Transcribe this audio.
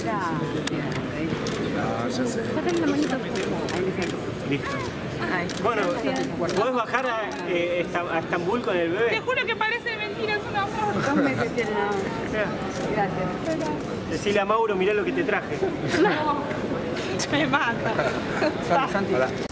Gracias. ya Listo. Bueno, ¿puedes bajar eh, a, Estambul con el bebé? Te juro que parece mentira, es una foto. Dos meses tiene nada Gracias. Decile a Mauro, mirá lo que te traje. No, me mata. Santi.